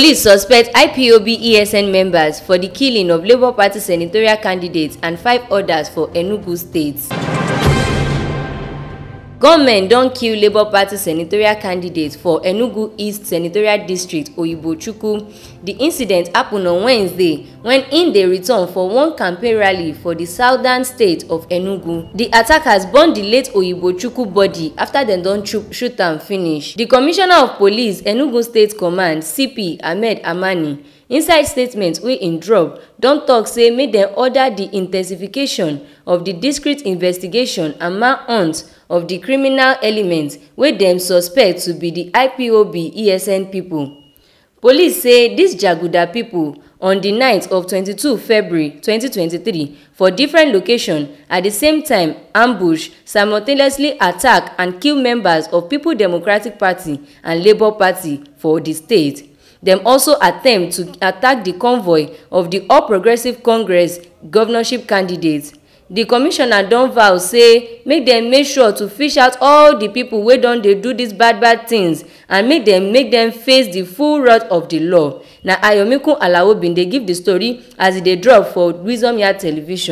Police suspect IPOB ESN members for the killing of Labour Party senatorial candidates and five others for Enugu State. Government don kill Labour Party senatorial candidate for Enugu East Senatorial District Oyibochukwu. The incident happen on Wednesday when im dey return for one campaign rally for the southern state of Enugu. The attackers burn the late Oyibochukwu body after dem don shoot am finish. The Commissioner of Police Enugu State Command CP Ahmed Amani inside statement wey im drop don tok say make dem order di in ten sification of di discreet investigation and manhunt of di criminal element wey dem suspect to be di ipob esn pipo police say dis jaguda pipo on di night of 22 february 2023 for different location at di same time ambush simultaneously attack and kill members of people democratic party and labour party for di state dem also attempt to attack di convoy of di all progressives congress governorship candidates di commissioner don vow say make dem make sure to fish out all di pipo wey don dey do dis bad bad tins and make dem make dem face di full wrath of di law na ayomikun alawo bin dey give di story as e dey drop for wisdom yard television.